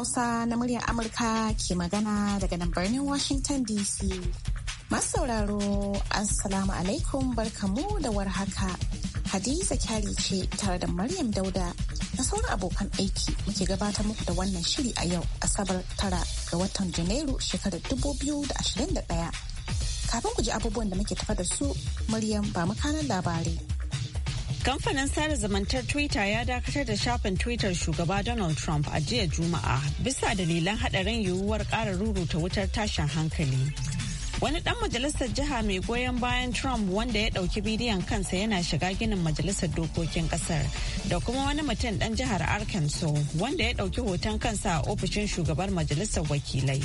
Hausa na muryar Amurka ke magana daga nan birnin Washington DC. Masu sauraro, Assalamu alaikum barkamu da warhaka. Hadiza kyari ce tare da Maryam Dauda da sauran abokan aiki muke gabatar muku da wannan shiri a yau Asabar tara ga watan Janairu shekarar 2021. Kafin ku ji abubuwan da muke tafa da su, Maryam ba mu kanan labarai. Kamfanin sada zamantar Twitter ya dakatar da shafin Twitter shugaba Donald Trump a jiya Juma'a bisa dalilan hadarin yiwuwar ƙara ruruta wutar tashin hankali. Wani ɗan majalisar jiha mai goyon bayan Trump wanda ya ɗauki bidiyon kansa yana shiga ginin majalisar dokokin ƙasar da kuma wani mutum ɗan jihar Arkansas wanda ya ɗauki hoton kansa a ofishin shugabar majalisar wakilai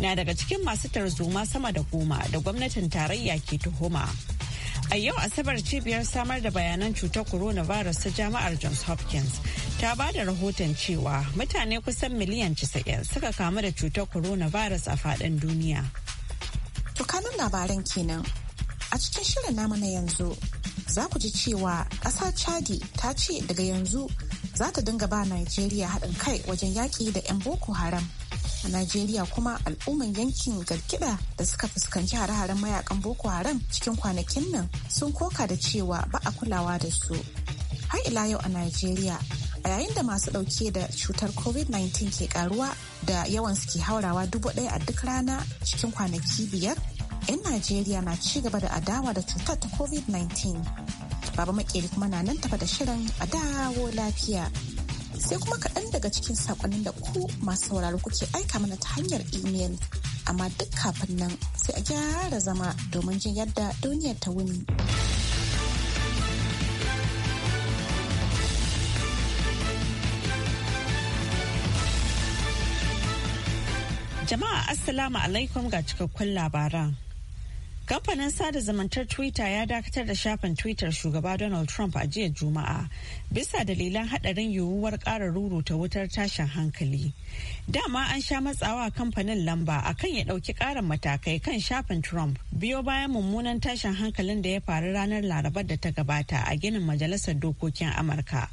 na daga cikin masu tarzoma sama da goma da gwamnatin tarayya ke tuhuma. A yau Asabar cibiyar samar da bayanan cutar coronavirus ta Jama'ar Johns Hopkins ta ba da rahoton cewa mutane kusan miliyan 90 suka kamu da cutar coronavirus a faɗin duniya. Tukanin labaran kenan a cikin shirin namu na yanzu za ku ji cewa ƙasar Chadi ta ce daga yanzu za ta dinga ba Najeriya haɗin kai wajen yaƙi da 'yan Boko Haram. A Najeriya kuma al'umman yankin garkida da suka fuskanci hare-haren mayakan Boko Haram cikin kwanakin nan sun koka da cewa ba a kulawa da su. Har ila yau a Najeriya a yayin da masu ɗauke da cutar COVID-19 ke karuwa da yawan suke haurawa dubu ɗaya a duk rana cikin kwanaki biyar, 'yan Najeriya na ci gaba da adawa da cutar ta COVID-19. Baba makeri kuma na nan tafa da shirin a dawo lafiya. sai kuma kaɗan daga cikin saƙonin da ku masu sauraro kuke aika mana ta hanyar imel. Amma duk kafin nan sai a gyara zama domin jin yadda duniyar ta wuni. Jama'a Assalamu alaikum ga cikakkun labaran. Kamfanin sada zumuntar Twitter ya dakatar da shafin Twitter shugaba Donald Trump a jiya Juma'a bisa dalilan hadarin yiwuwar ƙara ruruta wutar tashin hankali. Dama an sha matsawa kamfanin lamba akan ya ɗauki ƙarin matakai kan shafin Trump biyo bayan mummunan tashin hankalin da ya faru ranar Larabar da ta gabata a ginin Majalisar Dokokin Amurka.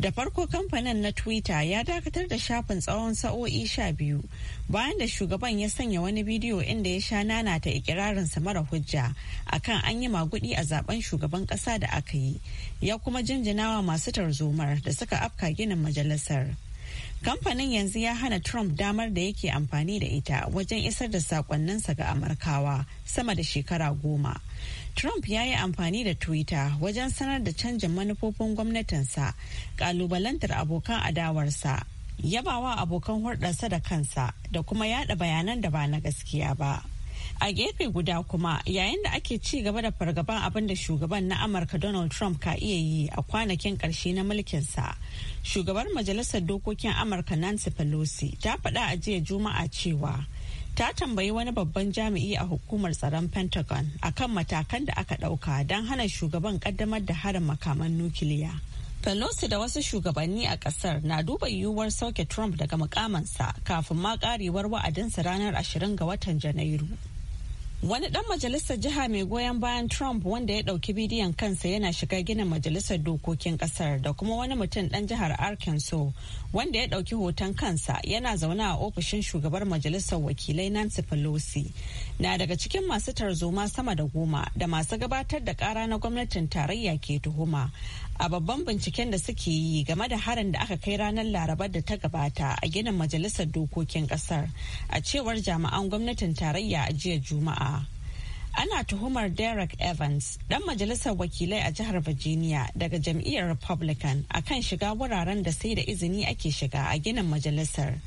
Da farko kamfanin na Twitter ya dakatar da shafin tsawon sa'o'i sha biyu bayan da shugaban ya sanya wani bidiyo inda ya sha nana ta ikirarinsa mara hujja akan an yi magudi a zaben shugaban kasa da aka yi ya kuma jinjinawa masu tarzomar da suka afka ginin majalisar. kamfanin yanzu ya hana trump damar da yake amfani da ita wajen isar da sakonninsa ga amurkawa sama da shekara goma Trump ya yi amfani da Twitter wajen sanar da canjin manufofin gwamnatinsa, kalubalantar abokan adawarsa, yabawa abokan hulɗarsa da kansa da kuma yada bayanan da ba na gaskiya ba. A gefe guda kuma yayin da ake ci gaba da fargaban abin da shugaban na Amurka Donald Trump ka iya yi a kwanakin ƙarshe na mulkinsa, shugabar Majalisar Dokokin Amurka Nancy Pelosi ta faɗa a jiya Juma'a cewa ta tambayi wani babban jami'i a hukumar tsaron pentagon akan matakan da aka ɗauka don hana shugaban ƙaddamar da harin makaman nukiliya pelosi da wasu shugabanni a ƙasar na duba yiwuwar sauke trump daga mukamansa kafin ma karewar wa'adinsa ranar 20 ga watan janairu Wani ɗan majalisar jiha mai goyon bayan Trump wanda ya ɗauki bidiyon kansa yana shiga ginin majalisar dokokin ƙasar da kuma wani mutum ɗan jihar Arkansas wanda ya ɗauki hoton kansa yana zaune a ofishin shugabar majalisar wakilai Nancy Pelosi. Na daga cikin masu tarzoma sama da goma da masu gabatar da ƙara na gwamnatin tarayya ke tuhuma. A babban binciken da suke yi game da harin da aka kai ranar Larabar da ta gabata a ginin majalisar dokokin ƙasar a cewar jami'an gwamnatin tarayya a jiya Juma'a. ana tuhumar derek evans dan majalisar wakilai a jihar virginia daga jam'iyyar republican akan shiga wuraren da sai da izini ake shiga a ginin majalisar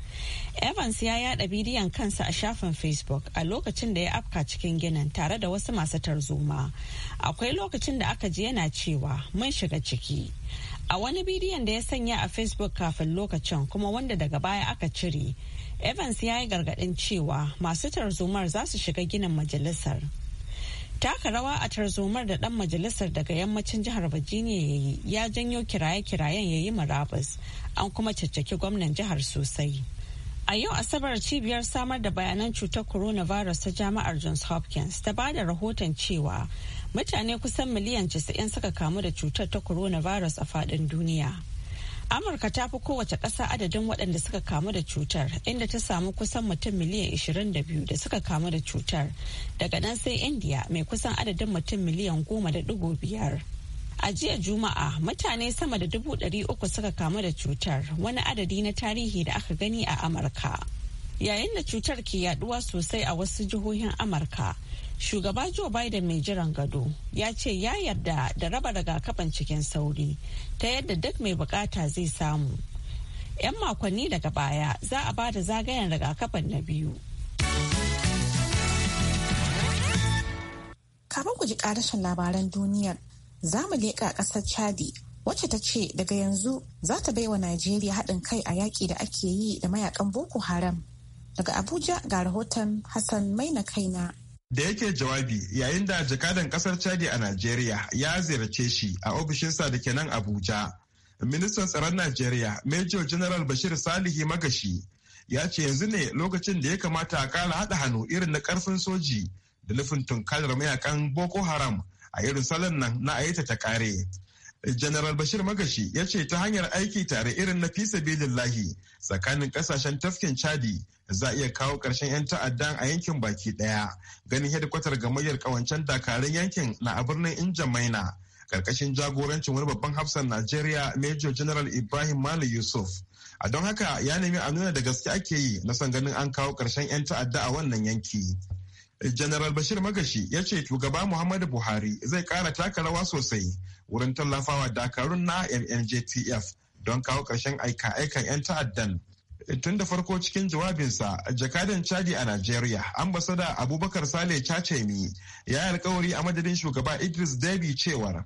evans ya yada bidiyon kansa a shafin facebook a lokacin da ya afka cikin ginin tare da wasu masu tarzoma akwai lokacin da aka ji yana cewa mun shiga ciki A wani bidiyon da ya sanya a Facebook kafin lokacin kuma wanda daga baya aka cire, Evans ya yi gargaɗin cewa masu tarzomar za su shiga ginin majalisar. Taka rawa a tarzomar da ɗan majalisar daga yammacin jihar Virginia ya yi ya janyo kiraye-kirayen ya yi murabus an kuma caccaki gwamnan jihar sosai. A yau Asabar cibiyar samar da bayanan cutar coronavirus ta jami'ar Johns Hopkins ta ba da rahoton cewa mutane kusan miliyan 90 suka kamu da cutar ta coronavirus a fadin duniya. Amurka ta fi kowace ƙasa adadin waɗanda suka kamu da cutar inda ta samu kusan mutum miliyan 22 da suka kamu da cutar daga nan sai Indiya mai kusan adadin mutum miliyan 10.5. A jiya Juma'a mutane sama da dubu ɗari uku suka kamu da cutar wani adadi na tarihi da aka gani a Amurka. Yayin da cutar ke yaduwa sosai a wasu jihohin Amurka, shugaba joe biden mai jiran gado ya ce ya yarda da raba rigakafin cikin sauri ta yadda duk mai bukata zai samu 'yan makonni daga baya za a ba da zagayen rigakafin na biyu kafin ku ji karashin labaran duniyar za mu leƙa ƙasar chadi wacce ta ce daga yanzu za ta baiwa najeriya haɗin kai a yaƙi da ake yi da mayakan boko haram daga abuja ga rahoton hassan maina kaina da yake jawabi yayin da jakadan kasar chadi a najeriya ya ziyarce shi a ofishinsa da ke nan abuja ministan tsaron najeriya major general bashir salihi magashi ya ce yanzu ne lokacin da ya kamata a kara haɗa hannu irin na karfin soji da nufin tunkarar mayakan boko haram a irin salon nan na ayyata ta kare general bashir magashi ya ce ta hanyar aiki tare irin na fisa tsakanin ƙasashen tafkin chadi za a iya kawo ƙarshen 'yan ta'addan a yankin baki ɗaya ganin hedikwatar gamayyar ƙawancen dakarun yankin na a birnin injamaina karkashin jagorancin wani babban hafsan najeriya major general ibrahim malu yusuf a don haka ya nemi a nuna da gaske ake yi na son ganin an kawo ƙarshen 'yan ta'adda a wannan yanki General Bashir Magashi ya ce shugaba Muhammadu Buhari zai kara taka rawa sosai wurin tallafawa dakarun na MNJTF don kawo ƙarshen aika-aikan 'yan ta'addan tun da farko cikin jawabinsa jakadan chadi a najeriya ambasada abubakar sale chachemi ya yi alkawari a madadin shugaba idris debi cewar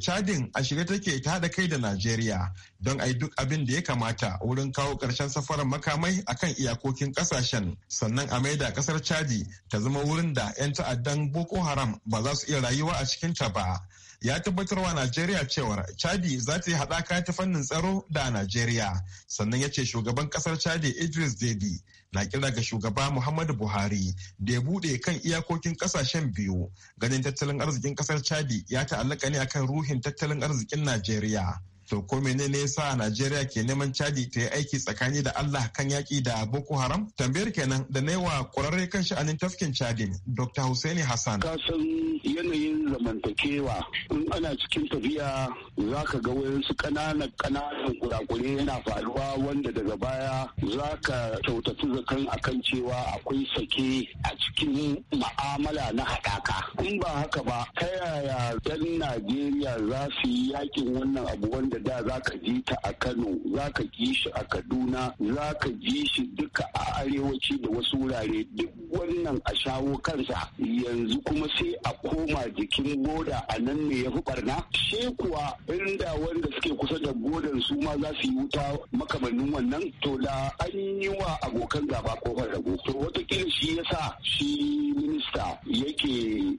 chadin a shirye take ta haɗa kai da najeriya don a yi duk abin da ya kamata wurin kawo ƙarshen safarar makamai a kan iyakokin ƙasashen sannan a maida ƙasar chadi ta zama wurin da 'yan ta'addan boko haram ba za su iya rayuwa a cikinta ba ya tabbatar wa Najeriya cewar Chadi za ta yi haɗaka ta fannin tsaro da Najeriya. Sannan ya ce shugaban ƙasar Chadi Idris Deby na kira ga shugaba Muhammadu Buhari da ya buɗe kan iyakokin ƙasashen biyu. Ganin tattalin arzikin ƙasar Chadi ya ta'allaka ne akan ruhin tattalin arzikin Najeriya. To ko menene yasa Najeriya ke neman Chadi ta yi aiki tsakani da Allah kan yaki da Boko Haram? Tambayar kenan da na wa kwararre kan sha'anin tafkin Chadi? Dr. Hussaini Hassan. Ka san yanayin zamantakewa in ana cikin tafiya za ka ga su ƙananan ƙananan kurakure yana faruwa wanda daga baya za ka kyautatu zakan akan cewa akwai sake a cikin ma'amala na haɗaka. In ba haka ba ta yaya Najeriya za su yi yakin wannan abu wanda da da za ka ji ta a Kano, za ka ji shi a Kaduna, za ka ji shi duka a arewaci da wasu wurare duk wannan a shawo kansa yanzu kuma sai a koma jikin goda a nan ne ya fi barna. She kuwa inda wanda suke kusa da godan su ma za su yi wuta makamannin wannan to da an yi wa abokan gaba kofar rago. To watakila shi yasa shi minista yake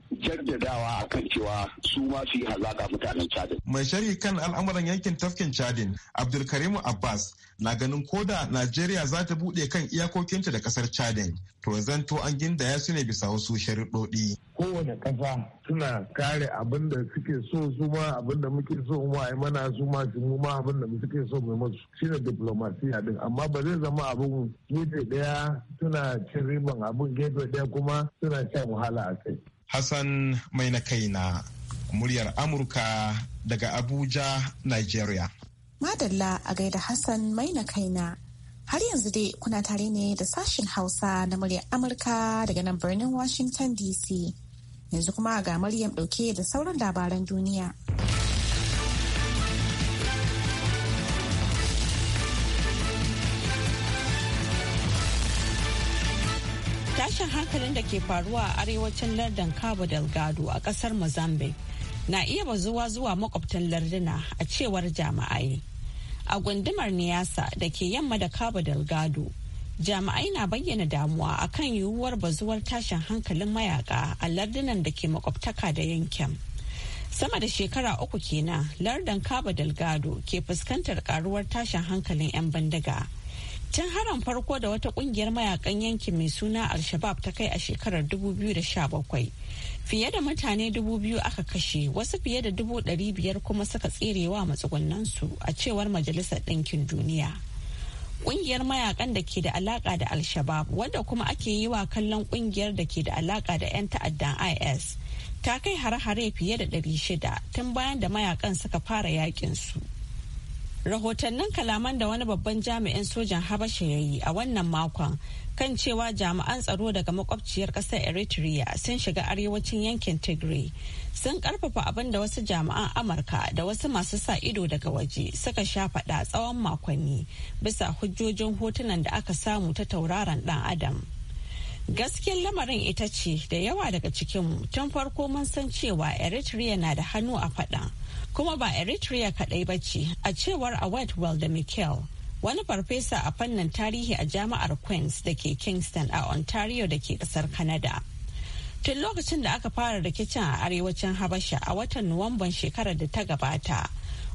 cewa su ma su yi hazaka mutanen Chadin. Mai shari kan al'amuran yankin tafkin Chadin, Abdulkarimu Abbas, na ganin ko da Najeriya za ta buɗe kan iyakokinta da ƙasar Chadin. To zanto an ya su ne bisa wasu sharuɗoɗi. Kowane ƙasa suna kare abin da suke so su ma abin da muke so mu a mana su ma su mu ma abin da suke so mu musu shine diplomasiya din amma ba zai zama abin gefe daya suna cin riban abin gefe daya kuma suna shan wahala a kai. Hassan mai na kaina muryar Amurka daga Abuja, Nigeria. Madalla a gaida Hassan mai na kaina. Har yanzu dai kuna tare ne da sashen Hausa na muryar Amurka daga nan birnin Washington DC. Yanzu kuma ga Maryam ɗauke da sauran labaran duniya. Tashin hankalin da ke faruwa a arewacin lardin Cabo Delgado a kasar Mozambique na iya bazuwa zuwa makwabtan larduna a cewar jama'ai. A gundumar Niyasa da ke yamma da Cabo Delgado, jama'ai na bayyana damuwa akan yiwuwar bazuwar tashin hankalin mayaka a lardunan da ke makwabtaka da yankin. Sama da shekara uku kenan lardin Cabo Delgado ke fuskantar karuwar tashin hankalin 'yan bindiga. Tun haran farko da wata kungiyar mayakan yankin mai suna Al-Shabab ta kai a shekarar 2017. Fiye da mutane 2,000 aka kashe, wasu fiye da 500 kuma suka tserewa su a cewar Majalisar Ɗinkin Duniya. Kungiyar mayakan da ke da alaka da Al-Shabab, wadda kuma ake yi wa kallon kungiyar da ke da alaka da 'yan ta'addan IS, ta kai hare-hare fiye da 600 tun bayan da mayakan suka fara yakin su. rahotannin kalaman da wani babban jami'in sojan habasha ya yi a wannan makon kan cewa jami'an tsaro daga makwabciyar ƙasar eritrea sun shiga arewacin yankin tigray sun karfafa abin da wasu jami'an amurka da wasu masu sa ido daga waje suka sha tsawon makonni bisa hujjojin hotunan da aka samu ta tauraron dan adam gaskiyar lamarin ita ce da yawa daga cikinmu tun farko mun san cewa eritrea na da hannu a faɗa kuma ba eritrea kaɗai ba ce a cewar awad da mikel wani farfesa a fannin tarihi a jami'ar queens da ke kingston a ontario da ke ƙasar canada tun lokacin da aka fara rikicin a arewacin habasha a watan nuwamban shekarar da ta gabata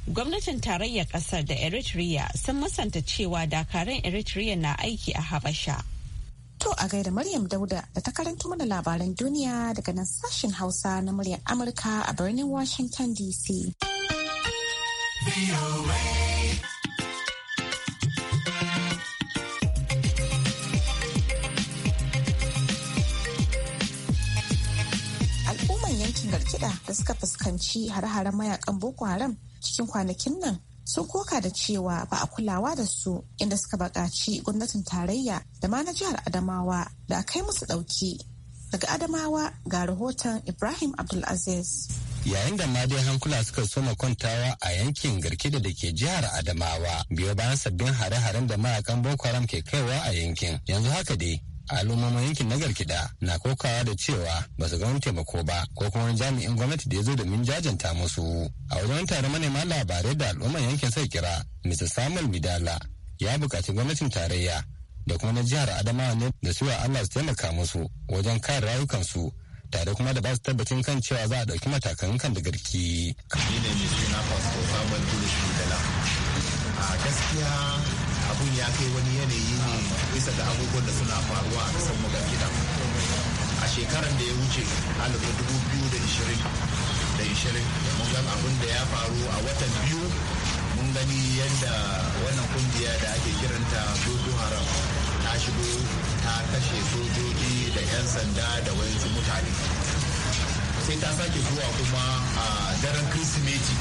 gwamnatin tarayyar kasar da eritrea sun musanta cewa dakarun eritrea na aiki a habasha to a gaida maryam dauda da ta karanto mana labaran duniya daga nan sashen hausa na muryar amurka a birnin washington dc Al'umman yankin garkida da suka fuskanci hare haren mayakan Boko Haram cikin kwanakin nan sun koka da cewa ba a kulawa da su inda suka bakaci gwamnatin tarayya da ma na jihar Adamawa da a kai musu ɗauki. Daga Adamawa ga rahoton Ibrahim Abdulaziz. yayin da ma dai hankula suka soma kwantawa a yankin garkida da ke jihar adamawa biyo bayan sabbin hare-haren da mayakan boko haram ke kaiwa a yankin yanzu haka dai al'ummomin yankin na garkida na kokawa da cewa ba su ga taimako ba ko kuma wani jami'in gwamnati da ya zo domin jajanta musu a wajen tare manema labarai da al'umman yankin sai kira mr samuel bidala ya bukaci gwamnatin tarayya da kuma na jihar adamawa ne da su Allah su taimaka musu wajen kare rayukansu tare kuma da ba su tabbacin kan cewa za a ɗauki matakan kan da garki. Ni ne mai suna Fasto Samuel Kulu Shugala. A gaskiya abun ya kai wani yanayi ne bisa da abubuwan da suna faruwa a ƙasar mu gidan. A shekarar da ya wuce alifin dubu biyu da ishirin da ishirin mun gan abun da ya faru a watan biyu mun gani yadda wannan kungiya da ake kiranta Boko Haram ta shigo ta kashe sojoji da 'yan sanda da wayansu mutane sai ta sake zuwa kuma a daren kirsimeti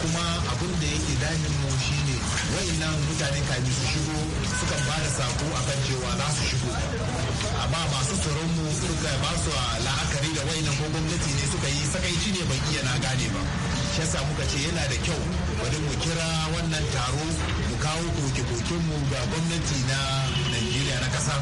kuma abin da yake damin mu shine wayannan mutane kamin su shigo suka ba da sako akan cewa za su shigo amma masu tsoron mu suka ba su la'akari da wayannan ko gwamnati ne suka yi sakaici ne ban iya na gane ba shi yasa muka ce yana da kyau bari mu kira wannan taro mu kawo koke-koken mu ga gwamnati na najeriya na kasa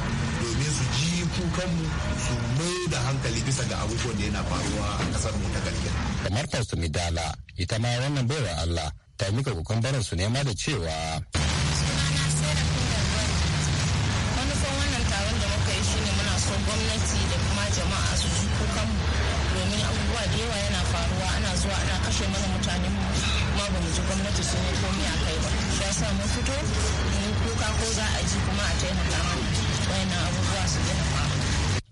domin su ji kukanmu su mai da hankali bisa ga abubuwan da yana faruwa a kasar mu ta gargin. kamar fasto midala ita ma wannan baiwar allah ta mika kokon barin su nema da cewa gwamnati da kuma jama'a su ji kukan domin abubuwa da yawa yana faruwa ana zuwa ana kashe mana mutane mu ma ba mu ji gwamnati sun yi komai a kai ba sa mun fito mu yi kuka ko za a ji kuma a taimaka mana wayannan abubuwa su daina faru.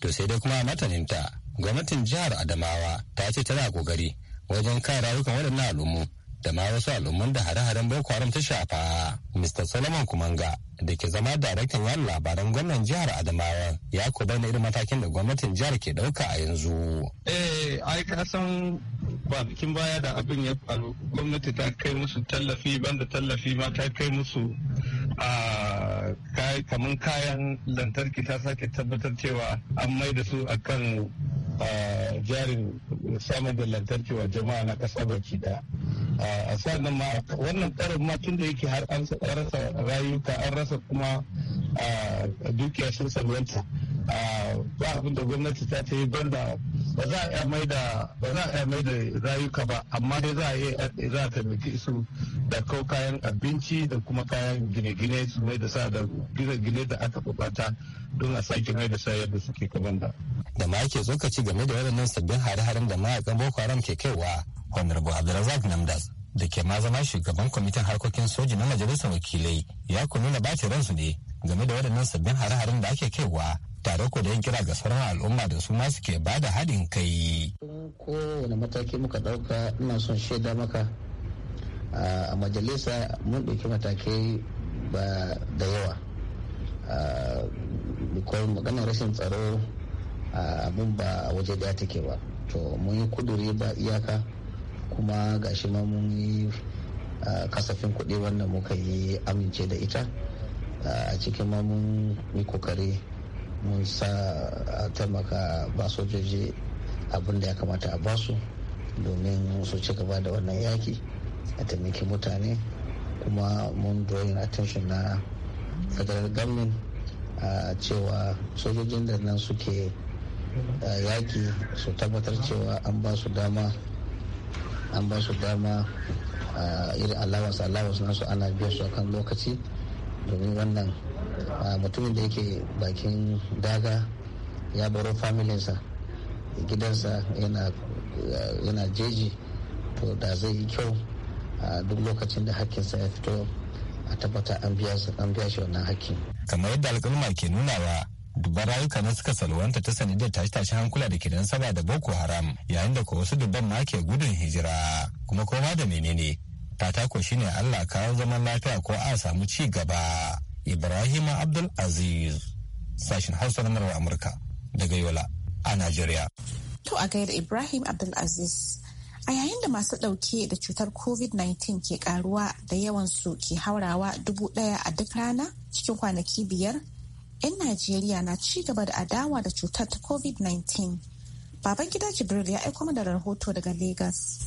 To sai dai kuma mataninta gwamnatin jihar Adamawa ta ce tana kokari wajen kare rayukan waɗannan al'ummu da ma wasu al'umman da hare-haren boko haram ta shafa mr solomon kumanga da ke zama daraktan yan labaran gwamnan jihar adamawa ya ku bayyana irin matakin da gwamnatin jihar ke dauka a yanzu eh ai ka san kwanakin baya da abin ya faru gwamnati ta kai musu tallafi banda tallafi ma ta kai musu a kayan lantarki ta sake tabbatar cewa an mai da su akan jarin samun da lantarki wa jama'a na kasa baki daya a sa'an ma wannan tsarin ma tun da yake har an rasa rayuka an rasa kuma dukiya sun salwanta ba abin da gwamnati ta ta yi banda ba za a mai da ba za a mai da rayuka ba amma dai za a yi za a taimaki su da kau kayan abinci da kuma kayan gine-gine su mai da sa da gine-gine da aka bukata don a sake mai da sayar da suke kaman da. Da ma yake zokaci ka ci game da waɗannan sabbin hare-haren da ma'aikan Boko Haram ke kaiwa honorable abdulrazak namdas da ke ma shugaban kwamitin harkokin soji na majalisar wakilai ya ku nuna bacin ransu ne game da waɗannan sabbin hare-haren da ake kaiwa tare ko da yin kira ga sauran al'umma da su ma suke ba da haɗin kai. kowane mataki muka ɗauka ina son shaida maka a majalisa mun ɗauki matakai ba da yawa ko maganar rashin tsaro abun ba waje daya take ba to mun yi kuduri ba iyaka kuma ga shi ma mun yi kasafin kuɗi wanda muka yi amince da ita a cikin ma mun yi kokari mun sa a taimaka ba sojoji abin da ya kamata a basu domin su ci gaba da wannan yaki a taimaki mutane kuma mun drawing attention na federal government a cewa sojojin da nan suke yaki su tabbatar cewa an ba su dama an ba su dama irin allowance allowance nasu ana biya su akan lokaci domin wannan mutumin da yake bakin daga ya baro familinsa gidansa yana jeji to da zai yi kyau a duk lokacin da hakkinsa ya fito a tabbata an biya shi wannan hakkin kamar yadda alkalma ke nunawa dubban rayuka na suka salwanta ta sanadiyar tashe-tashen hankula da ke saba da Boko Haram yayin da ko wasu dubban ma ke gudun hijira kuma koma da menene shi shine Allah kawo zaman lafiya ko a samu ci gaba Ibrahim Abdul Aziz sashin Hausa na murar Amurka daga Yola a nigeria. To a gaida Ibrahim Abdul Aziz A yayin da masu ɗauke da cutar COVID-19 ke karuwa da yawansu ke haurawa dubu ɗaya a duk rana cikin kwanaki biyar, 'yan Najeriya na ci gaba da adawa da cutar ta COVID-19. gida Jibril ya aiko mana rahoto daga Legas.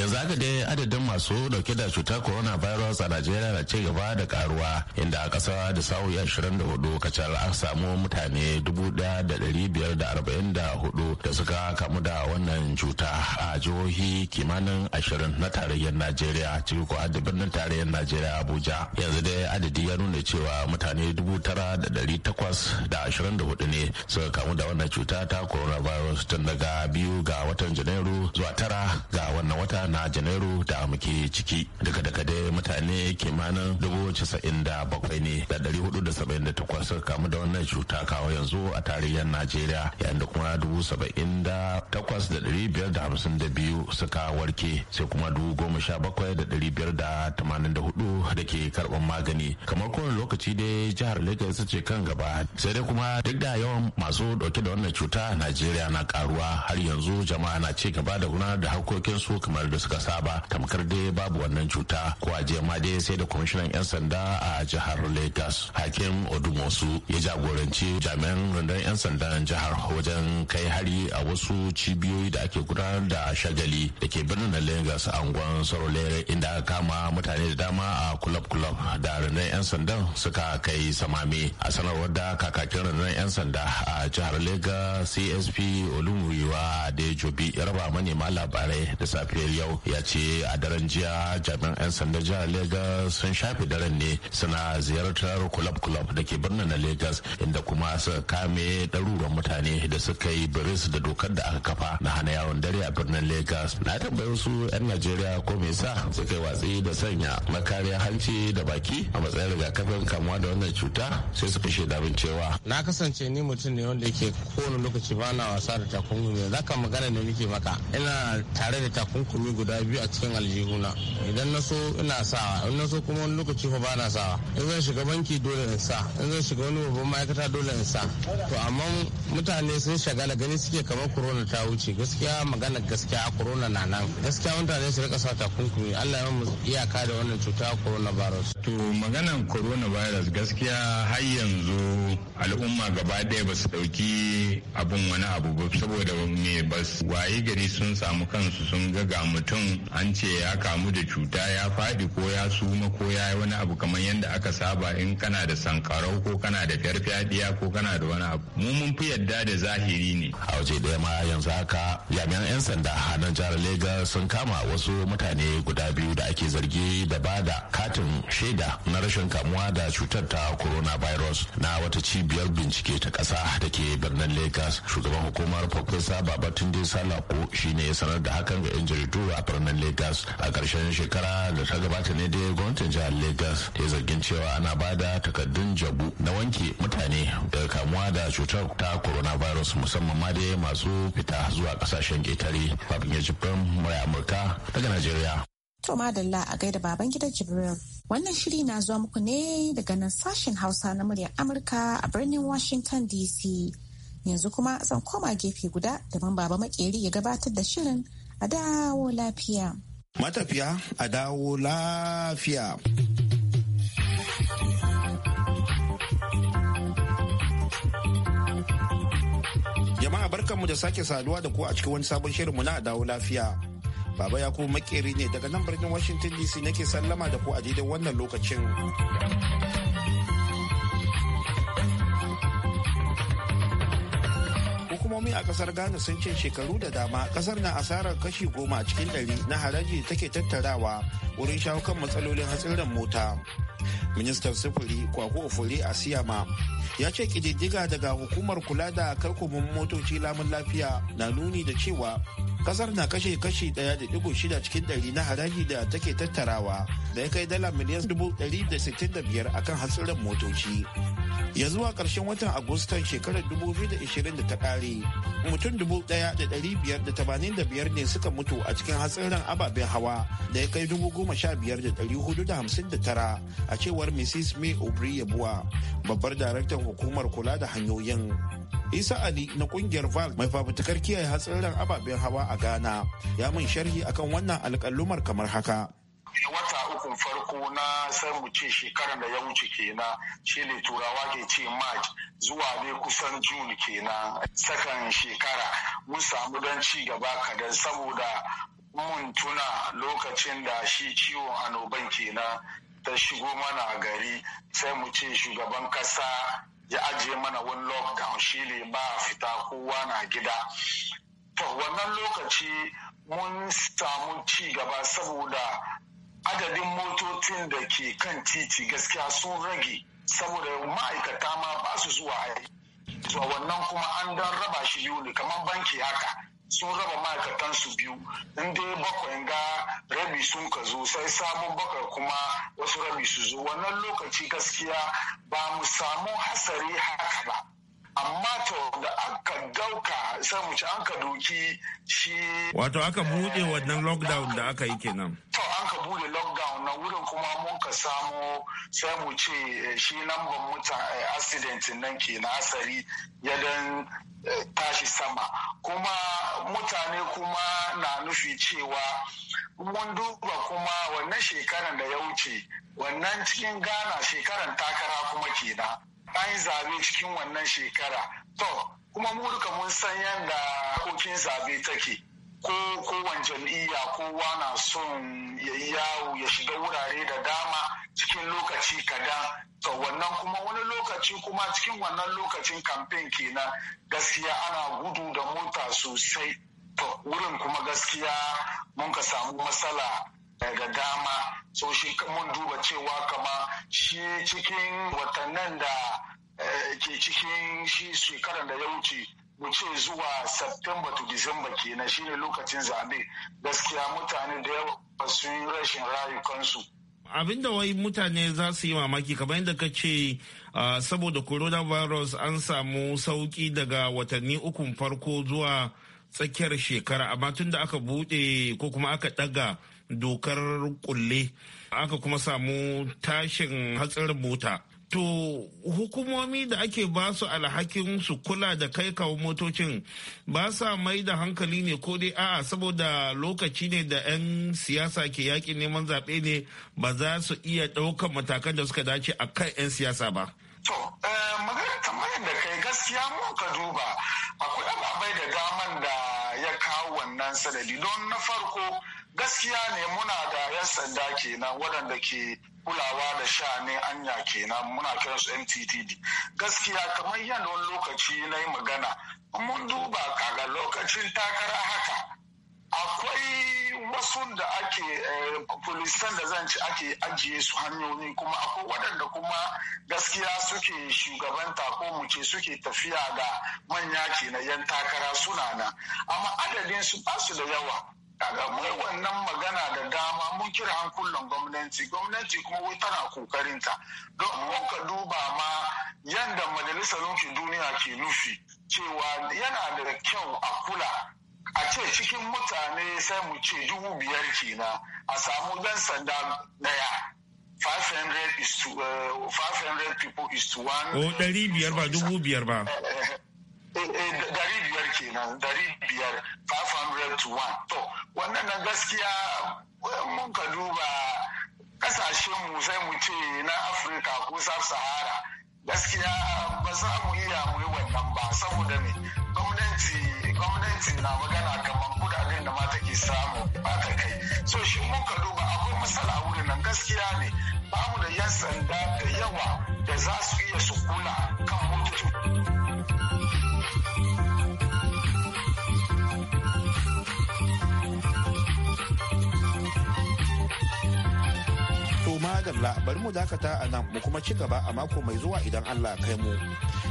yanzu haka dai adadin masu dauke da cutar coronavirus a najeriya na ci gaba da karuwa inda a kasa da da 24 kacal an samu mutane 1,544 da suka kamu da wannan cuta a jihohi kimanin 20 na tarayyar najeriya ciki ko da birnin tarayyar najeriya abuja yanzu dai adadi ya nuna cewa mutane 9,824 ne suka kamu da wannan cuta ta coronavirus tun daga biyu ga watan janairu zuwa tara ga wannan wata na janairu da muke ciki daga daga dai mutane kimanin dubu casa'in da bakwai ne da dari hudu da saba'in da takwas suka kamu da wannan cuta kawo yanzu a tarihin najeriya yayin da kuma dubu saba'in da takwas da dari biyar da hamsin da biyu suka warke sai kuma dubu goma sha bakwai da dari biyar da tamanin da hudu da ke karban magani kamar kowane lokaci dai jihar lagos ce kan gaba sai dai kuma duk da yawan masu dauke da wannan cuta najeriya na karuwa har yanzu jama'a na ci gaba da gudanar da harkokin su kamar da suka saba tamkar dai babu wannan cuta ko a ma dai sai da kwamishinan 'yan sanda a jihar lagos hakim odumosu ya jagoranci jami'an rundunar 'yan sandan jihar wajen kai hari a wasu cibiyoyi da ake gudanar da shagali da ke birnin lagos angon sarolere inda aka kama mutane da dama a kulab kulab da rundunar 'yan sandan suka kai samami a sanarwar da kakakin rundunar 'yan sanda a jihar lagos csp olumuriwa da jobi ya raba manema labarai da safiyar yau yau ya ce a daren jiya jami'an 'yan sanda jihar Legas sun shafe daren ne suna ziyartar club club da ke birnin na Legas inda kuma suka kame ɗaruran mutane da suka yi biris da dokar da aka kafa na hana yawon dare a birnin Legas. Na tambayar wasu 'yan Najeriya ko me sa suka yi watsi da sanya makariyar hanci da baki a matsayin rigakafin kamuwa da wannan cuta sai suka shaida min cewa. Na kasance ni mutum ne wanda yake kowane lokaci ba na wasa da takunkumi zaka magana ne nake maka ina tare da takunkumi takalmi guda biyu a cikin aljihuna idan na so ina sawa in na so kuma wani lokaci fa bana sawa in zan shiga banki dole in sa in zan shiga wani babban ma'aikata dole in sa to amma mutane sun shagala gani suke kamar corona ta wuce gaskiya magana gaskiya corona na nan gaskiya mutane su rika sa takunkumi Allah ya mu iyaka da wannan cuta corona virus to maganan corona virus gaskiya har yanzu al'umma gaba ɗaya ba su dauki abun wani abu ba saboda me ba waye gari sun samu kansu sun ga gamu. mutum an ce ya kamu da cuta ya fadi ko ya suma ko ya yi wani abu kamar yadda aka saba in kana da sankarau ko kana da farfadiya ko kana da wani abu mu mun fi yadda da zahiri ne a waje ɗaya ma yanzu haka jami'an 'yan sanda a nan jihar Legas sun kama wasu mutane guda biyu da ake zargi da ba da katin shaida na rashin kamuwa da cutar ta coronavirus na wata cibiyar bincike ta ƙasa da ke birnin Legas shugaban hukumar Profesa Babatunde Salako shine ya sanar da hakan ga 'yan jaridu biyu a birnin Legas a ƙarshen shekara da ta gabata ne dai gwamnatin jihar lagos ta zargin cewa ana ba da takardun jabu na wanke mutane daga kamuwa da cutar ta coronavirus musamman ma dai masu fita zuwa kasashen ƙetare babin ya jibin murai amurka daga najeriya To madalla a gaida baban gidan Jibril. Wannan shiri na zuwa muku ne daga nan sashen Hausa na muryar Amurka a birnin Washington DC. Yanzu kuma zan koma gefe guda daban baba makeri ya gabatar da shirin a dawo lafiya. Matafiya a dawo lafiya. Jama'a barkanmu da sake saduwa da ku a cikin wani sabon shirinmu na a dawo lafiya. Baba ya kuma makeri ne daga nan birnin Washington DC nake sallama da ku a daidai wannan lokacin. hukumomi a kasar ghana sun ce shekaru da dama kasar na asarar kashi goma cikin ɗari na haraji take tattarawa wurin shawo kan matsalolin hatsarin mota ministan sufuri kwako ofuri a siyama ya ce kididdiga daga hukumar kula da karkumin motoci lamun lafiya na nuni da cewa kasar na kashe kashi daya da digo shida cikin dari na haraji da take tattarawa da ya kai dala miliyan dubu dari da sittin biyar akan hatsarin motoci ya zuwa ƙarshen watan agustan shekarar 2020 da ta ƙare mutum 1,585 ne suka mutu a cikin hatsarin ababen hawa da ya kai 15,459 a cewar mrs may obri yabuwa babbar daraktan hukumar kula da hanyoyin isa ali na kungiyar val mai fafutukar kiyaye hatsarin ababen hawa a ghana ya mun sharhi akan wannan alƙalumar kamar haka makon farko na sai mu ce shekaran da ya wuce kenan shi ne turawa ke ce march zuwa ne kusan june kenan sakan shekara mun samu don ci gaba kadan saboda mun tuna lokacin da shi ciwon anoban kenan ta shigo mana gari sai mu ce shugaban kasa ya ajiye mana wani lockdown shi ne ba fita kowa na gida to wannan lokaci mun samu ci gaba saboda adadin motocin da ke kan titi gaskiya sun rage saboda ma'aikata ma ba su zuwa aiki zuwa wannan kuma an dan raba shi biyu ne kamar banki haka sun raba ma'aikatan su biyu in dai bakwai ga rabi sun ka zo sai sabon bakwai kuma wasu rabi su zo wannan lokaci gaskiya ba mu samu hasari haka ba amma to da aka dauka sai mu ci an doki shi wato aka bude wannan lockdown da aka yi kenan to an ka bude lockdown na wurin kuma mun ka samu sai mu ce eh, shi lambar muta eh, accident nan ke na asari ya dan eh, tashi sama kuma mutane kuma na nufi cewa mun duba kuma wannan shekaran da ya wuce wannan cikin gana shekaran takara kuma kenan an yi zabe cikin wannan shekara to kuma mu duka mun san yadda hukin zabe take ko kowane jam'iyya kowa na son ya yi yawo ya shiga wurare da dama cikin lokaci kadan to wannan kuma wani lokaci kuma cikin wannan lokacin kamfen kenan gaskiya ana gudu da mota sosai to wurin kuma gaskiya mun ka samu matsala daga dama so shi mun duba cewa kama shi cikin watannin da eh, ke cikin shi shekarar da ya wuce mu ce zuwa september to december kenan shine lokacin zabe gaskiya mutane da yawa su yi rashin rayukansu. abin da wai mutane za su yi mamaki kamar yadda ka ce ah, saboda coronavirus an samu sauki daga watanni ukun farko zuwa tsakiyar shekara amma tun da aka bude ko kuma aka ɗaga. dokar kulle aka kuma samu tashin hatsarin mota to hukumomi da ake ba su alhakin su kula da kai kawo motocin ba sa mai da hankali ne ko dai a'a saboda lokaci ne da 'yan siyasa ke yakin neman zaɓe ne ba za su iya ɗaukan matakan da suka dace a kan 'yan siyasa ba to eh, magana tambayar da kai gaskiya mu ka duba akwai ababai da daman da ya kawo wannan sanadi don na farko gaskiya ne muna da 'yan sanda kenan waɗanda ke kulawa da sha ne anya kenan muna kiran su mttd gaskiya kamar yadda wani lokaci na yi magana mun duba kaga lokacin takara haka akwai wasu da ake eh, polisan da zan ci ake ajiye su hanyoyi kuma akwai waɗanda kuma gaskiya suke shugabanta ko mu ce suke tafiya da manya ke yan takara suna nan amma adadin su ba su da yawa Daga mai wannan magana da dama mun kira hankulan gwamnati, gwamnati kuma wai tana kokarinta. Don ka duba ma yadda Majalisar Ɗinkin Duniya ke nufi cewa yana da kyau a kula a ce cikin mutane sai mu ce dubu biyar kenan a samu dan sanda daya 500 is eh, people is to one. Oh, 500 ba dubu biyar ba. Eh, eh, Eh, dari biyar kenan dari biyar 500 to 1 to wannan na gaskiya eh, mun ka duba kasashen mu sai mu ce na afirka ko sub sahara gaskiya ba za mu iya mu yi wannan ba saboda ne gwamnati gwamnati na magana kamar kudaden da mata ke samu ba ta kai so shi mun ka duba akwai matsala wurin nan gaskiya ne ba mu da yan sanda da yawa da za su iya su kula kan mutum madalla bari mu dakata a nan mu kuma ci gaba a mako mai zuwa idan Allah kai mu.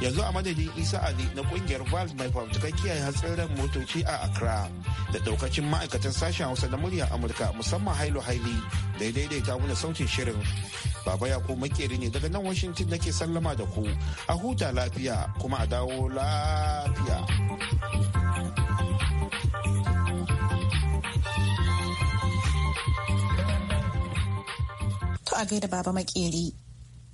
Yanzu a madadin Isa Ali na kungiyar Valve mai fafutukar kiyaye hatsarin motoci a Accra da daukacin ma'aikatan sashen Hausa na muryar Amurka musamman Hailu Haili da ya daidaita mana sautin shirin. Baba ya ko makeri ne daga nan Washington nake sallama da ku. A huta lafiya kuma a dawo lafiya. To a gaida baba makeri.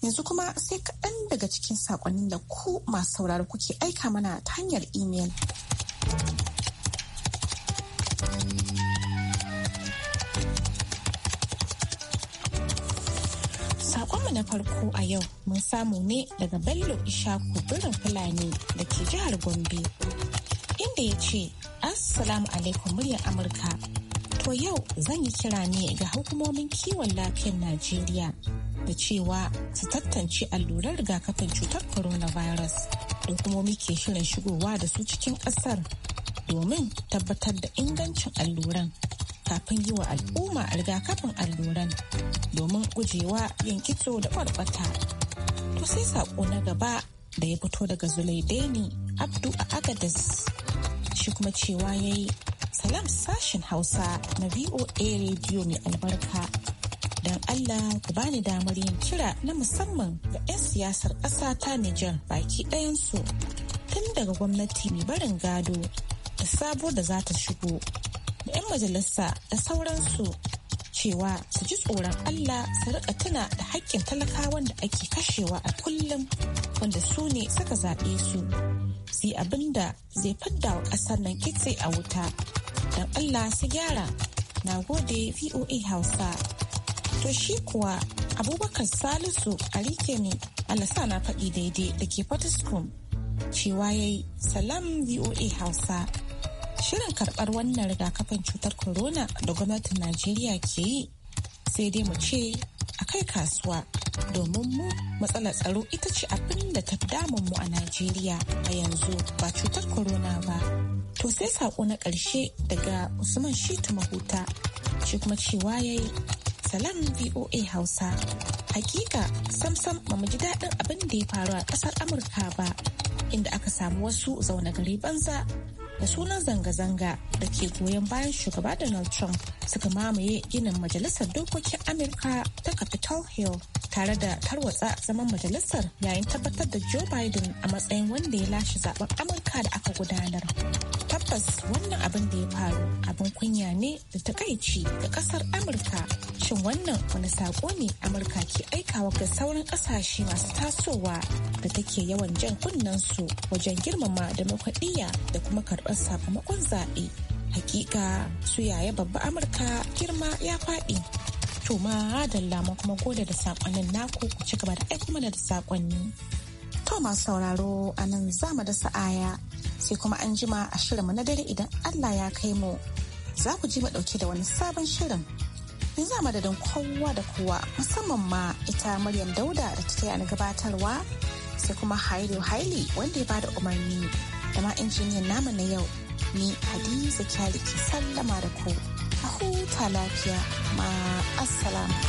Yanzu kuma sai kaɗan daga cikin saƙonnin da ku masu sauraro kuke aika mana ta hanyar imel. farko a yau mun samu ne daga Bello Ishaku birnin Fulani da ke jihar Gombe. Inda ya ce, Assalamu alaikum muryar Amurka. To yau zan yi kira ne ga hukumomin kiwon lafiyar Najeriya da cewa su tattance allurar rigakafin cutar coronavirus da hukumomi ke shirin shigowa da su cikin ƙasar domin tabbatar da ingancin alluran kafin yi wa al'umma rigakafin alluran domin gujewa yin kitso da barbata. To sai saƙo na gaba da ya fito daga Zulaidaini Abdu a Agadez shi kuma cewa ya yi salam sashen Hausa na VOA rediyo mai albarka. Don Allah ku bani damar yin kira na musamman ga 'yan siyasar ƙasa ta Nijar baki ɗayansu tun daga gwamnati mai barin gado da sabo da za ta shigo 'yan majalisa da sauransu cewa su ji tsoron Allah su rika tuna da hakkin talakawan da ake kashewa a kullum wanda su ne suka zaɓe su suyi abinda abin da zai fadda wa ƙasar nan kitse a wuta don Allah su gyara na gode voa hausa to shi kuwa abubakar salisu a rike ne alasa na faɗi daidai da ke potiskum cewa yayi salam voa hausa shirin karɓar wannan rigakafin cutar corona da gwamnatin najeriya ke yi sai dai mu ce a kai kasuwa domin mu matsalar tsaro ita ce abin da ta damun mu a najeriya a yanzu ba cutar corona ba to sai saƙo na ƙarshe daga usman shitu mahuta shi kuma cewa ya yi salam voa hausa hakika samsam ba mu ji daɗin abin da ya faru a ƙasar amurka ba inda aka samu wasu zaune gari banza da sunan zanga-zanga da ke goyon bayan shugaba Donald Trump suka mamaye ginin Majalisar Dokokin Amurka ta Capitol Hill. tare da tarwatsa zaman majalisar yayin tabbatar da Joe Biden a matsayin wanda ya lashe zaben Amurka da aka gudanar. Tabbas wannan abin da ya faru abin kunya ne da takaici ga kasar Amurka. Shin wannan wani saƙo ne Amurka ke aikawa ga sauran ƙasashe masu tasowa da take yawan jan kunnensu wajen girmama demokradiyya da kuma karɓar sakamakon zaɓe. Hakika su yaya babba Amurka girma ya faɗi. To ma dalla kuma gode da sakonnin naku ku ci gaba da aiko mana da sakonni. To masu sauraro a nan za mu da sa'aya sai kuma an jima a shirinmu na dare idan Allah ya kai mu. Za ku ji mu dauke da wani sabon shirin. in Yanzu da madadin kowa da kowa musamman ma ita Maryam Dauda da ta na gabatarwa sai kuma Hailu Haili wanda ya ba da umarni da ma injiniyan namu na yau. Ni Hadiza Kyali ke sallama da ku. huta lafiya ma assalamu